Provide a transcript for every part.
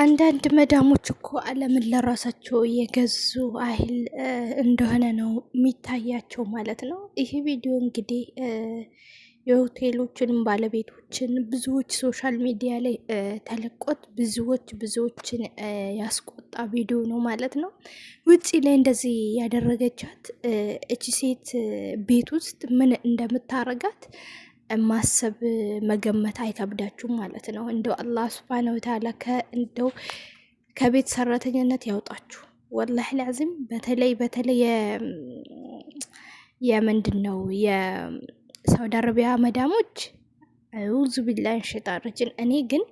አንዳንድ መዳሞች እኮ ዓለምን ለራሳቸው የገዙ አይል እንደሆነ ነው የሚታያቸው ማለት ነው። ይህ ቪዲዮ እንግዲህ የሆቴሎችንም ባለቤቶችን ብዙዎች ሶሻል ሚዲያ ላይ ተለቆት ብዙዎች ብዙዎችን ያስቆጣ ቪዲዮ ነው ማለት ነው። ውጪ ላይ እንደዚህ ያደረገቻት እቺ ሴት ቤት ውስጥ ምን እንደምታረጋት ማሰብ መገመት አይከብዳችሁም ማለት ነው። እንደው አላህ ስብሓነ ወተዓላ እንደው ከቤት ሰራተኝነት ያውጣችሁ። ወላህ ላዚም በተለይ በተለይ የምንድን ነው የሳውዲ አረቢያ መዳሞች ውዙ ቢላን ሸጣ ረጂም። እኔ ግን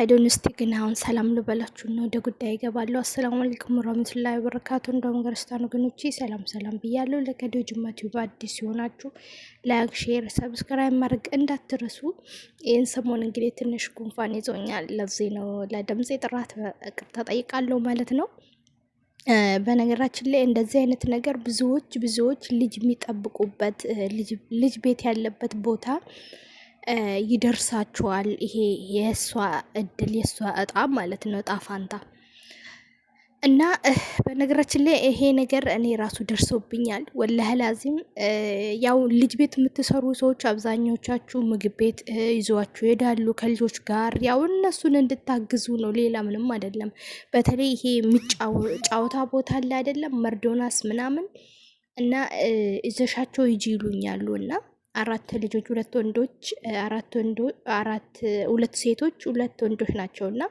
አይዶን ውስጥ ግን አሁን ሰላም ልበላችሁ ነው ወደ ጉዳይ ይገባለሁ። አሰላሙ አለይኩም ወራህመቱላሂ ወበረካቱ። እንደውም ክርስቲያኑ ግኖቼ ሰላም ሰላም ብያለሁ። ለከዲዮ ጅማ ቲዩብ አዲስ ሲሆናችሁ ላይክ፣ ሼር፣ ሰብስክራይብ ማድረግ እንዳትረሱ። ይህን ሰሞን እንግዲህ ትንሽ ጉንፋን ይዞኛል። ለዚህ ነው ለድምጼ ጥራት ይቅርታ ጠይቃለሁ ማለት ነው። በነገራችን ላይ እንደዚህ አይነት ነገር ብዙዎች ብዙዎች ልጅ የሚጠብቁበት ልጅ ቤት ያለበት ቦታ ይደርሳችኋል። ይሄ የእሷ እድል የእሷ እጣ ማለት ነው እጣ ፋንታ እና በነገራችን ላይ ይሄ ነገር እኔ ራሱ ደርሶብኛል። ወላህ ላዚም ያው ልጅ ቤት የምትሰሩ ሰዎች አብዛኞቻችሁ ምግብ ቤት ይዟችሁ ይሄዳሉ ከልጆች ጋር ያው እነሱን እንድታግዙ ነው፣ ሌላ ምንም አይደለም። በተለይ ይሄ ጫወታ ቦታ አለ አይደለም፣ መርዶናስ ምናምን እና እዘሻቸው ይጂ ይሉኛሉ እና አራት ልጆች ሁለት ወንዶች አራት ወንዶ አራት ሁለት ሴቶች ሁለት ወንዶች ናቸው እና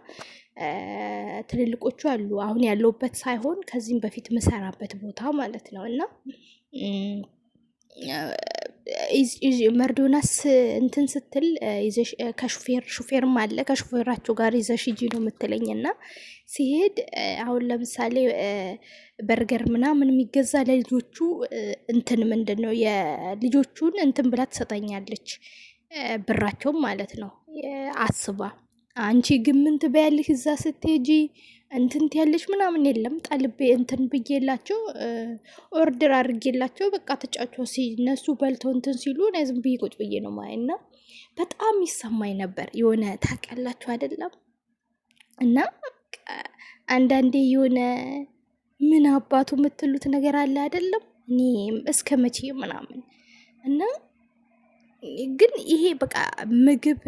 ትልልቆቹ አሉ። አሁን ያለውበት ሳይሆን ከዚህም በፊት ምሰራበት ቦታ ማለት ነው እና መርዶናስ እንትን ስትል ከሹፌር ሹፌርም አለ ከሹፌራቸው ጋር ይዘሽ ሂጂ ነው የምትለኝ። እና ሲሄድ አሁን ለምሳሌ በርገር ምናምን የሚገዛ ለልጆቹ እንትን ምንድን ነው የልጆቹን እንትን ብላ ትሰጠኛለች፣ ብራቸውም ማለት ነው አስባ አንቺ ግምንት ምን እዛ ስትሄጂ እንትንት ያለች ምናምን የለም። ጠልቤ እንትን ብዬላቸው ኦርደር አድርጌላቸው በቃ ተጫቸው ሲነሱ በልተው እንትን ሲሉ እኔ ዝም ብዬ ቁጭ ብዬ ነው ማየና በጣም ይሰማኝ ነበር። የሆነ ታውቃላችሁ አይደለም እና አንዳንዴ የሆነ ምን አባቱ የምትሉት ነገር አለ አይደለም እኔም እስከ መቼ ምናምን እና ግን ይሄ በቃ ምግብ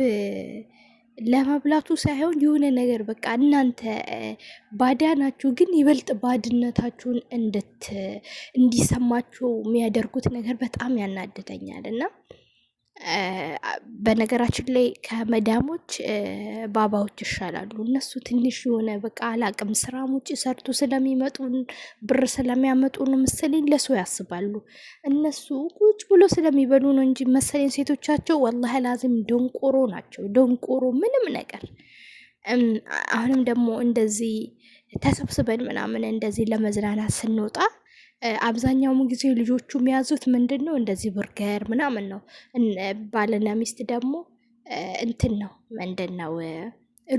ለመብላቱ ሳይሆን የሆነ ነገር በቃ እናንተ ባዳ ናችሁ፣ ግን ይበልጥ ባድነታችሁን እንድት እንዲሰማችሁ የሚያደርጉት ነገር በጣም ያናድደኛል እና በነገራችን ላይ ከመዳሞች ባባዎች ይሻላሉ። እነሱ ትንሽ የሆነ በቃ አላቅም ስራ ውጭ ሰርቶ ስለሚመጡ ብር ስለሚያመጡ ነው መሰለኝ ለሰው ያስባሉ። እነሱ ቁጭ ብሎ ስለሚበሉ ነው እንጂ መሰለኝ ሴቶቻቸው ወላሂ ላዚም ደንቆሮ ናቸው። ደንቆሮ ምንም ነገር አሁንም ደግሞ እንደዚህ ተሰብስበን ምናምን እንደዚህ ለመዝናናት ስንወጣ አብዛኛውን ጊዜ ልጆቹ የሚያዙት ምንድን ነው እንደዚህ ብርገር ምናምን ነው። ባልና ሚስት ደግሞ እንትን ነው ምንድን ነው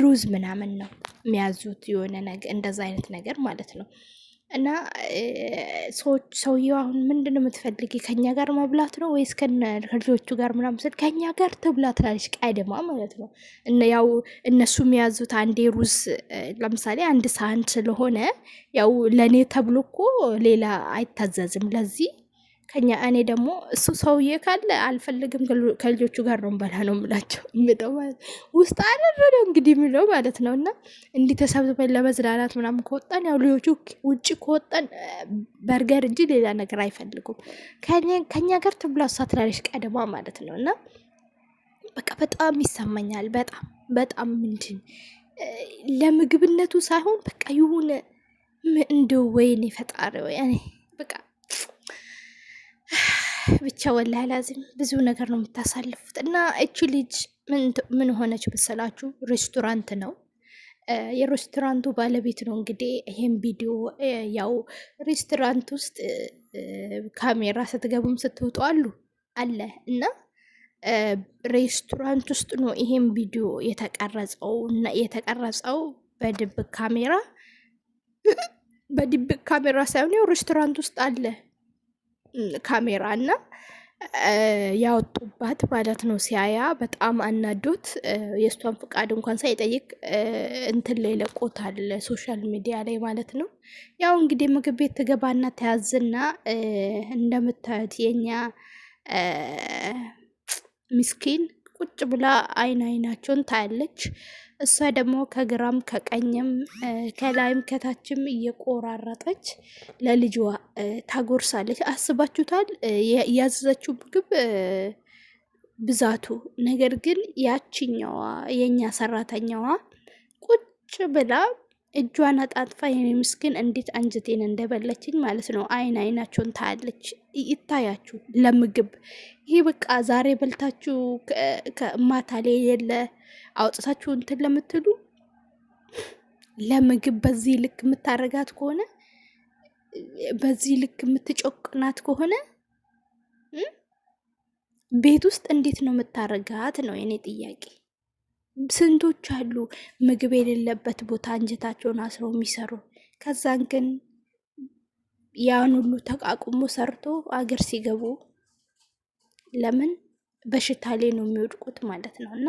ሩዝ ምናምን ነው የሚያዙት የሆነ እንደዛ አይነት ነገር ማለት ነው። እና ሰዎች ሰውየው አሁን ምንድን ነው የምትፈልጊ ከኛ ጋር መብላት ነው ወይስ ከልጆቹ ጋር ምናምን ስል ከኛ ጋር ትብላ ትላለች። ቀድማ ማለት ነው ያው እነሱ የያዙት አንዴ ሩዝ ለምሳሌ አንድ ሳህን ስለሆነ ያው ለእኔ ተብሎ እኮ ሌላ አይታዘዝም ለዚህ ከኛ እኔ ደግሞ እሱ ሰውዬ ካለ አልፈልግም ከልጆቹ ጋር ነው በላ ነው ምላቸው ምጠው ማለት ውስጥ አደረደ እንግዲህ የሚለው ማለት ነው። እና እንዲህ ተሰብስበን ለመዝናናት ምናምን ከወጣን ያው ልጆቹ ውጭ ከወጣን በርገር እንጂ ሌላ ነገር አይፈልጉም። ከኛ ጋር ትብላ እሷ ትላለች ቀድማ ማለት ነው። እና በቃ በጣም ይሰማኛል። በጣም በጣም ምንድን ለምግብነቱ ሳይሆን በቃ የሆነ እንደ ወይኔ ፈጣሪ ወይ በቃ ብቻ ወላሂ ላዚም ብዙ ነገር ነው የምታሳልፉት። እና እቺ ልጅ ምን ሆነች መሰላችሁ? ሬስቶራንት ነው የሬስቶራንቱ ባለቤት ነው እንግዲህ ይሄን ቪዲዮ ያው ሬስቶራንት ውስጥ ካሜራ ስትገቡም ስትወጡ አሉ አለ እና ሬስቶራንት ውስጥ ነው ይሄን ቪዲዮ የተቀረጸው እና የተቀረጸው በድብቅ ካሜራ በድብቅ ካሜራ ሳይሆን ያው ሬስቶራንት ውስጥ አለ ካሜራና ያወጡባት ማለት ነው። ሲያያ በጣም አናዶት የእሷን ፍቃድ እንኳን ሳይጠይቅ እንትን ላይ ለቆታል፣ ሶሻል ሚዲያ ላይ ማለት ነው። ያው እንግዲህ ምግብ ቤት ትገባና ተያዝና እንደምታዩት የኛ ምስኪን ቁጭ ብላ አይን አይናቸውን ታያለች። እሷ ደግሞ ከግራም ከቀኝም ከላይም ከታችም እየቆራረጠች ለልጇ ታጎርሳለች። አስባችሁታል? ያዘዘችው ምግብ ብዛቱ። ነገር ግን ያችኛዋ የእኛ ሰራተኛዋ ቁጭ ብላ እጇን አጣጥፋ የኔ ምስኪን እንዴት አንጀቴን እንደበለችኝ ማለት ነው። አይን አይናቸውን ታያለች፣ ይታያችሁ ለምግብ ይሄ በቃ ዛሬ በልታችሁ ማታ ላይ የለ አውጥታችሁ እንትን ለምትሉ ለምግብ በዚህ ልክ የምታረጋት ከሆነ በዚህ ልክ የምትጮቅናት ከሆነ ቤት ውስጥ እንዴት ነው የምታረጋት ነው የኔ ጥያቄ። ስንቶች አሉ ምግብ የሌለበት ቦታ አንጀታቸውን አስረው የሚሰሩ ከዛን ግን ያን ሁሉ ተቃቁሞ ሰርቶ አገር ሲገቡ ለምን በሽታ ላይ ነው የሚወድቁት ማለት ነው። እና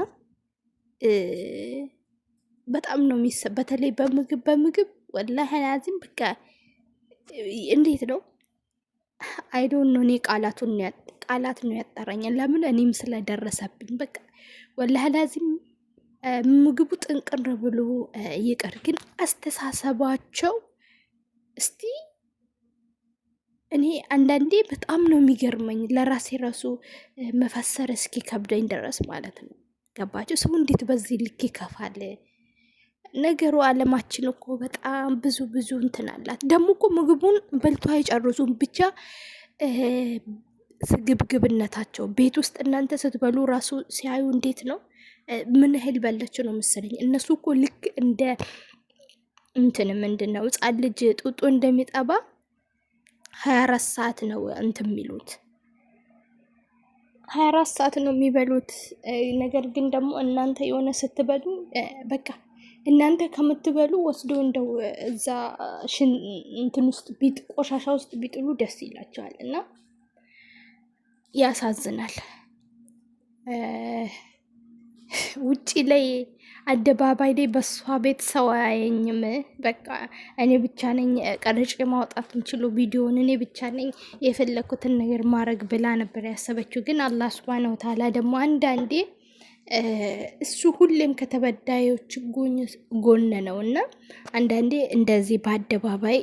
በጣም ነው የሚሰ በተለይ በምግብ በምግብ ወላሂ አላዚም በቃ እንዴት ነው አይዶን ነው እኔ ቃላቱን ቃላት ነው ያጠረኝ። ለምን እኔም ስለደረሰብኝ በቃ ወላሂ አላዚም ምግቡ ጥንቅር ብሎ ይቅር፣ ግን አስተሳሰባቸው እስቲ እኔ አንዳንዴ በጣም ነው የሚገርመኝ ለራሴ ራሱ መፈሰር እስኪ ከብደኝ ድረስ ማለት ነው። ገባቸው ሰው እንዴት በዚህ ልክ ይከፋል? ነገሩ አለማችን እኮ በጣም ብዙ ብዙ እንትን አላት። ደግሞ እኮ ምግቡን በልቶ አይጨርሱም ብቻ ስግብግብነታቸው ቤት ውስጥ እናንተ ስትበሉ ራሱ ሲያዩ እንዴት ነው ምን ያህል ባላቸው ነው መሰለኝ። እነሱ እኮ ልክ እንደ እንትን ምንድን ነው ሕፃን ልጅ ጡጦ እንደሚጠባ ሀያ አራት ሰዓት ነው እንትን የሚሉት ሀያ አራት ሰዓት ነው የሚበሉት። ነገር ግን ደግሞ እናንተ የሆነ ስትበሉ በቃ እናንተ ከምትበሉ ወስዶ እንደው እዛ እንትን ውስጥ ቢጥ ቆሻሻ ውስጥ ቢጥሉ ደስ ይላቸዋል እና ያሳዝናል። ውጪ ላይ አደባባይ ላይ በእሷ ቤት ሰው አያየኝም። በቃ እኔ ብቻ ነኝ ቀረጭ ማውጣት የምችለው ቪዲዮን እኔ ብቻ ነኝ የፈለግኩትን ነገር ማድረግ ብላ ነበር ያሰበችው። ግን አላህ ሱብሃነሁ ወተዓላ ደግሞ አንዳንዴ እሱ ሁሌም ከተበዳዮች ጎን ነው እና አንዳንዴ እንደዚህ በአደባባይ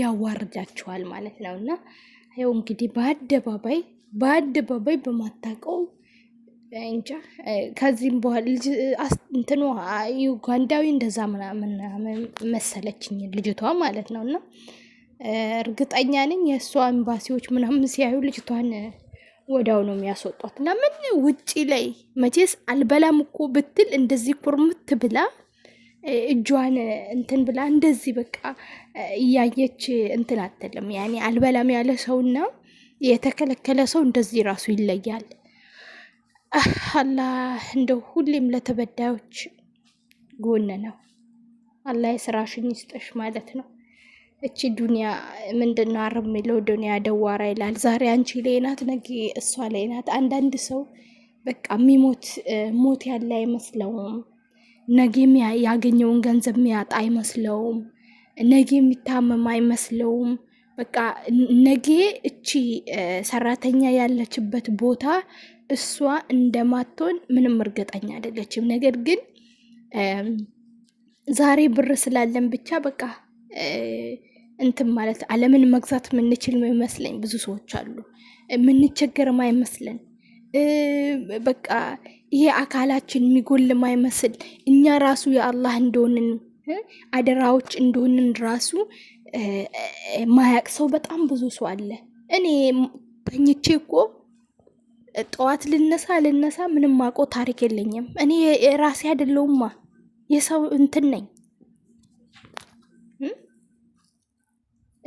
ያዋርዳቸዋል ማለት ነው እና ይኸው እንግዲህ በአደባባይ በአደባባይ በማታውቀው እንጃ ከዚህም በኋላ እንትኑ ዩጋንዳዊ እንደዛ ምናምን መሰለችኝ ልጅቷ ማለት ነው። እና እርግጠኛ ነኝ የእሷ ኤምባሲዎች ምናምን ሲያዩ ልጅቷን ወዳው ነው የሚያስወጧት። ለምን ውጪ ላይ መቼስ አልበላም እኮ ብትል እንደዚህ ኩርምት ብላ እጇን እንትን ብላ እንደዚህ በቃ እያየች እንትን አትልም። ያኔ አልበላም ያለ ሰውና የተከለከለ ሰው እንደዚህ ራሱ ይለያል። አላህ እንደው ሁሌም ለተበዳዮች ጎን ነው። አላህ የስራሽን ይስጠሽ ማለት ነው። እቺ ዱኒያ ምንድን ነው አረብ የሚለው ዱኒያ ደዋራ ይላል። ዛሬ አንቺ ላይ ናት፣ ነገ እሷ ላይ ናት። አንዳንድ ሰው በቃ የሚሞት ሞት ያለ አይመስለውም። ነገ ያገኘውን ገንዘብ የሚያጣ አይመስለውም። ነገ የሚታመም አይመስለውም። በቃ ነገ እቺ ሰራተኛ ያለችበት ቦታ እሷ እንደማትሆን ምንም እርግጠኛ አይደለችም። ነገር ግን ዛሬ ብር ስላለን ብቻ በቃ እንትን ማለት ዓለምን መግዛት የምንችል የሚመስለኝ ብዙ ሰዎች አሉ። ምንቸገርም አይመስለን በቃ ይሄ አካላችን የሚጎል ማይመስል እኛ ራሱ የአላህ እንደሆንን አደራዎች እንደሆንን ራሱ ማያቅ ሰው በጣም ብዙ ሰው አለ። እኔ ተኝቼ እኮ ጠዋት ልነሳ ልነሳ ምንም ማቆ ታሪክ የለኝም። እኔ የራሴ አይደለውማ የሰው እንትን ነኝ።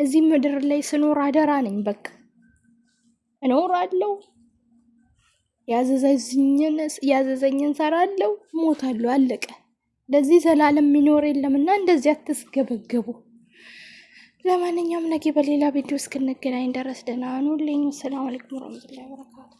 እዚህ ምድር ላይ ስኖር አደራ ነኝ። በቃ እኖራለሁ፣ ያዘዘኝን ሰራለሁ፣ ሞታለሁ፣ አለቀ። ለዚህ ዘላለም የሚኖር የለምና እንደዚህ አትስገበገቡ። ለማንኛውም ነገ በሌላ ቪዲዮ እስክንገናኝ ድረስ ደህና ሁኑልኝ። ሰላም አለይኩም ወረመቱላሂ ወበረካቱ